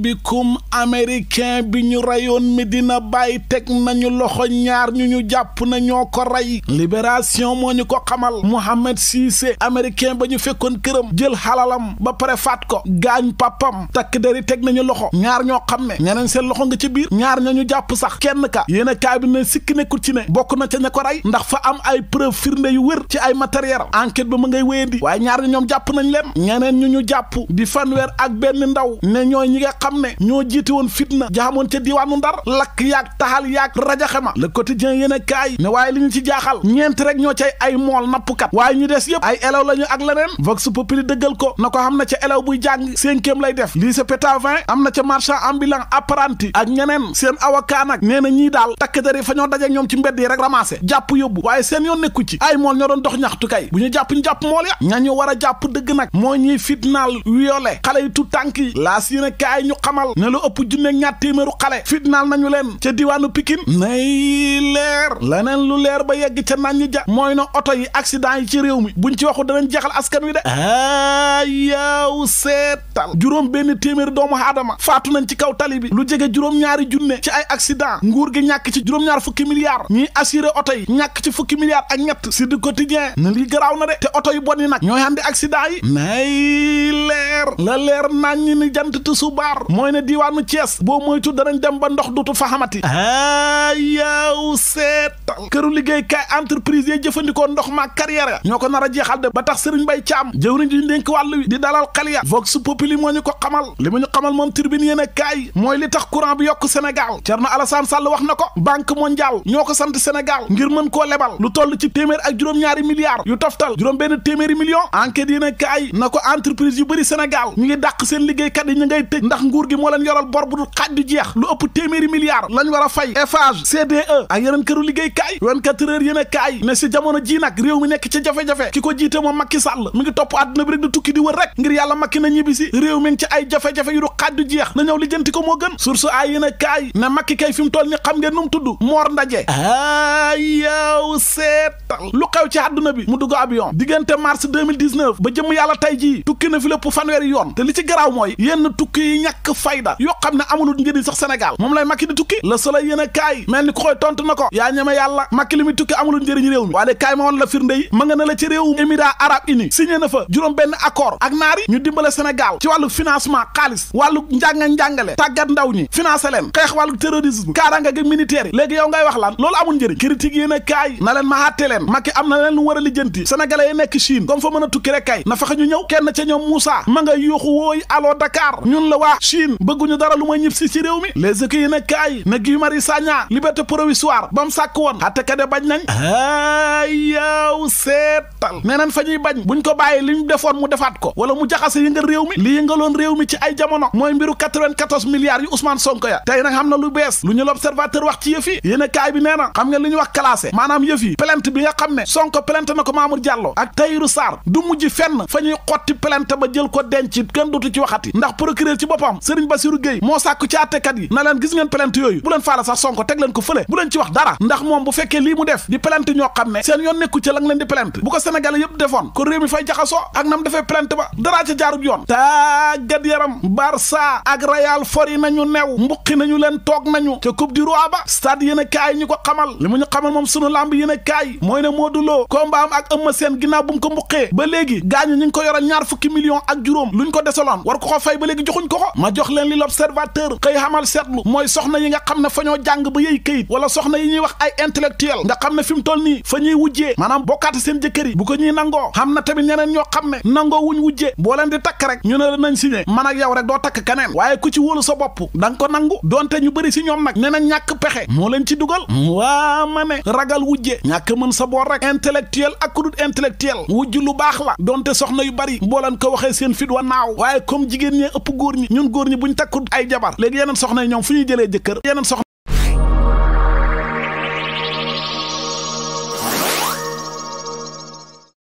mbikum américain bi ñu reyoon Medina bàyyi teg nañu loxo ñaar ñu ñu jàpp na ñoo ko rey libération moo ñu ko xamal Mohamed Cissé américain ba ñu fekkoon këram jël xalalam ba pare faat ko gaañ papam takk deri teg nañu loxo ñaar ñoo xam ne ñeneen seen loxo nga ci biir ñaar ña ñu jàpp sax kenn ka yéen a kaay bi ne sikki nekkul ci bokk na ca ña ko rey ndax fa am ay preuve firnde yu wër ci ay matériel enquête ba mu ngay wéyandi waaye ñaar ñi jàpp nañ leen ñeneen ñu ñu jàpp di fanweer ak benn ndaw ne ñooy ñi nga xam xam ñoo jiite woon fitna jaamoon ca diiwaanu ndar lakk yaag taxal yaag rajaxema le quotidien yéen a kaay ne waaye li ñu ci jaaxal ñeent rek ñoo cay ay mool waaye ñu des yëpp ay elaw la ñu ak leneen vox populi dëggal ko na ko xam na ca elaw buy jàng cinquième lay def lycée Pétavin am na ca marchand ambulant apprenti ak ñeneen seen avocat nag nee na ñii daal takk der yi fa ñoo dajeek ñoom ci mbedd yi rek ramassé jàpp yóbbu waaye seen yoon nekku ci ay mool ñoo doon dox ñaxtu kay bu ñu jàpp ñu jàpp mool ya ña ñu war a jàpp dëgg nag moo ñuy fitnaal wiole xale yi tu tànk yi laas yéen a ñu xamal ne lu ëpp junne ñaat téeméeru xale fitnaal nañu leen ca diwaanu Pikine nay leer leneen lu leer ba yegg ca nañ ja mooy na oto yi accident yi ci réew mi buñ ci waxu danañ jeexal askan wi de a yaaw seetal juróom benn téeméeri doomu aadama faatu nañ ci kaw tali bi lu jege juróom-ñaari junne ci ay accident nguur gi ñàkk ci juróom-ñaar fukki milliards ñiy assuré oto yi ñàkk ci fukki milliards ak ñett si du quotidien na lii garaaw na de te oto yi bon yi nag ñooy andi accident yi nay leer la leer nañ ni jant tusubaar mooy ne diiwaanu cees boo moytu danañ dem ba ndox dutu fa xamati a yaw seetal këru liggéeykaay entreprise yee jëfandikoo ndox maa carrière ñoo ko nar a jeexal de ba tax Serigne Mbaye Thiam jëwriñ ji dénk wàll wi di dalal xel ya vox populi moo ñu ko xamal li mu ñu xamal moom turbine yéen a kaay mooy li tax courant bi yokk Sénégal Thierno Alassane Sall wax na ko banque mondiale ñoo ko sant Sénégal ngir mën koo lebal lu toll ci téeméer ak juróom-ñaari milliards yu toftal juróom benn téeméeri million enquête yéen a kaay na yu bëri Sénégal ñu ngi dàq seen liggéeykat yi ñu ngay tëj ndax nguur nguur gi moo leen yoral bor bu dul xaj du jeex lu ëpp téeméeri milliards lañ war e, ji nag réew mi nekk ci jafe-jafe ki ko jiite ngi topp àdduna bi rek di tukki di wër rek ngir yàlla Macky na ñibbi si réew mi ngi ci ay jafe-jafe yu dul xaj du jeex na ñëw lijjanti ko moo gën source ay yéen a kaay ne Macky mu toll a yow seetal lu xew ci àdduna mu dugg avion diggante mars jëm yàlla tey ji tukki na fi lépp fanweeri yoon te li ci garaaw mooy yenn tukki yi ñàkk ñàkk fayda yoo xam ne amulul njëriñ sax Sénégal moom lay Macky di tukki Le Soleil yéen kaay mel ni ku tontu na ko yaa ñeme yàlla Macky li muy tukki amulul njëriñ réew mi waaye kaay ma woon la firnde yi ma la ci réew Émirats arabes unis signé na fa juróom benn accord ak naar yi ñu dimbale Sénégal ci wàllu financement xaalis wàllu njànga njàngale tàggat ndaw ñi financé leen xeex wàllu terrorisme kaaraanga gi militaire léegi yow ngay wax lan loolu amul njëriñ critique yéen a kaay na leen ma hàtte leen Macky am na leen lu war a lijjanti sénégalais a Chine bëgguñu dara lu ma ñib si ci réew mi les écu yi ne kaay na Guy Marius Sagna liberté provisoire ba mu sàkk woon àttekat ya bañ nañ ayaw seetal nee nañ fa ñuy bañ buñ ko bàyyi li ñu defoon mu defaat ko wala mu jaxase yëngal réew mi li yëngaloon réew mi ci ay jamono mooy mbiru 94 milliards yu Ousmane Sonko ya tey nag xam na lu bees lu ñu l'observateur wax ci yëf yi yéen kaay bi nee na xam nga li ñu wax classé maanaam yëf yi plainte bi nga xam ne Sonko plainte na ko Mamour Diallo ak Tahirou Sarr du mujj fenn fa ñuy xotti plainte ba jël ko denc kenn dootu ci waxati ndax procureur ci boppam ba si Gueye moo sàkku ci àttekat yi na leen gis ngeen plainte yooyu bu leen faala sax Sonko teg leen ko fële bu leen ci wax dara ndax moom bu fekkee lii mu def di plainte ñoo xam ne seen yoon nekku ci la nga leen di plainte bu ko sénégalais yëpp defoon ko réew mi fay jaxasoo ak nam defee plainte ba daraa ca jaarut yoon tàggat yaram Barça ak Real fori nañu new mbuqi nañu leen toog nañu ca coupe du roi ba stade yéen a ñu ko xamal li mu ñu xamal moom sunu lamb yéen a kaay mooy ne Modou Lo combat am ak Eumeu Sène ginnaaw bu mu ko mbuqee ba léegi gaañu ñu ngi ko yoral ñaar fukki million ak juróom luñ ko desaloon war ko ko fay ba léegi joxuñ ko ko jox leen li l'observateur xëy xamal seetlu mooy soxna yi nga xam ne fa ñoo jàng ba yey këyit wala soxna yi ñuy wax ay intellectuel nga xam ne fi mu toll nii fa ñuy wujje maanaam bokkaate seen jëkkër yi bu ko ñuy nangoo xam na tamit ñeneen ñoo xam ne nangoo wuñ wujjee boo leen di takk rek ñu ne la nañ signé man ak yow rek doo takk keneen waaye ku ci wóolu sa bopp da nga ko nangu donte ñu bëri si ñoom nag ne na ñàkk pexe moo leen ci dugal waa ma ne ragal wujje ñàkk mën sa boor rek intellectuel ak ku dul intellectuel wujj lu baax la donte soxna yu bari boo leen ko waxee seen fit wa naaw waaye comme jigéen ñee ëpp góor ñi ñun góor ñi buñ takkul ay jabar léegi yeneen soxna yi fu ñuy jële jëkkër yeneen soxna